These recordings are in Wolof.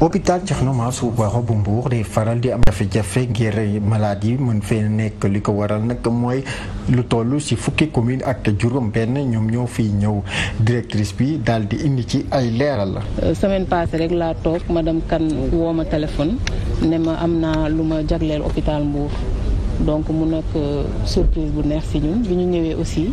hôpital Thierno Mansour Baro bu Mbour day faral di am jafe-jafe ngir malade yi mën fee nekk li ko waral nag mooy lu toll ci fukki commune ak juróom-benn ñoom ñoo fiy ñëw directrice bi daal di indi ci ay leeral. la euh, semaine passée rek laa toog madame Kane woo ma téléphone ne ma am naa lu ma jagleel hôpital Mbour donc mu nekk euh, surprise bu neex ci ñun bi ñu ñëwee aussi.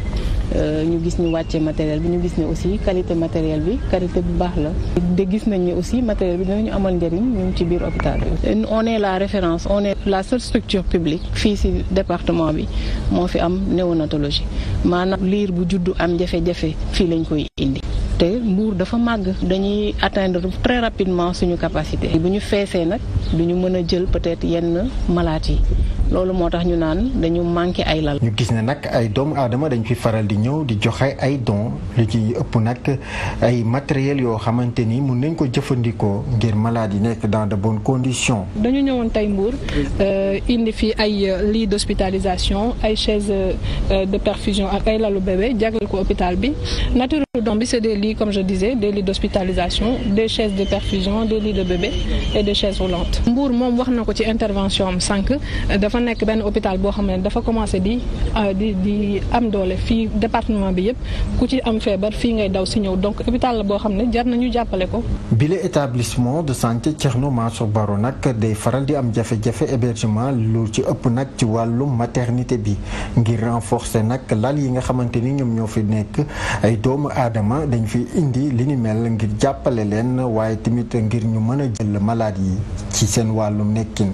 Euh, ñu gis ñu wàccee matériel bi ñu gis ne aussi qualité matériel bi qualité bu baax la de gis nañ ne aussi matériel bi ñu amal njëriñ ñu ngi ci biir hôpital bi on est la référence on la seule structure publique fii si département bi moo fi am néonatologie maanaam liir bu juddu am jafe-jafe fii lañ koy indi te mbuur dafa màgg dañuy atteindre très rapidement suñu capacité bu ñu feesee nag du ñu mën a jël peut-être yenn malaat yi loolu moo tax ñu naan dañu manqué ay lal. ñu gis ne nag ay doomu aadama dañ fi faral di ñëw di joxe ay don li ci ëpp nag ay matériel yoo xamante ni mun nañ ko jëfandikoo ngir malade yi nekk dans de bonnes conditions. dañu ñëwoon tey Mbour euh, indi fi ay euh, lits d'hospitalisation ay chaise euh, de perfusion ak ay lalu bébé jagleel ko hôpital bi donc bi c'est des lits comme de disais des lits d'hospitalisation des chaises de perfusion des lits de bébé et des chaises roulantes. Mbour moom wax na ko ci intervention am sànq dafa nekk benn hôpital boo xam ne dafa commencé di euh, di di am doole fii département bi yëpp ku ci am feebar fii ngay daw si ñëw donc hôpital la boo xam ne jar nañu jàppale ko. bile établissement de santé Thierno Mansour Baro nag day faral di am jafe-jafe hébergement lu ci ëpp nag ci wàllum maternité bi ngir renforcer nag lal yi nga xamante ni ñoom ñoo fi nekk aadama dañu fi indi li ni mel ngir jàppale leen waaye tamit ngir ñu mën a jël malade yi ci seen wàllum nekkin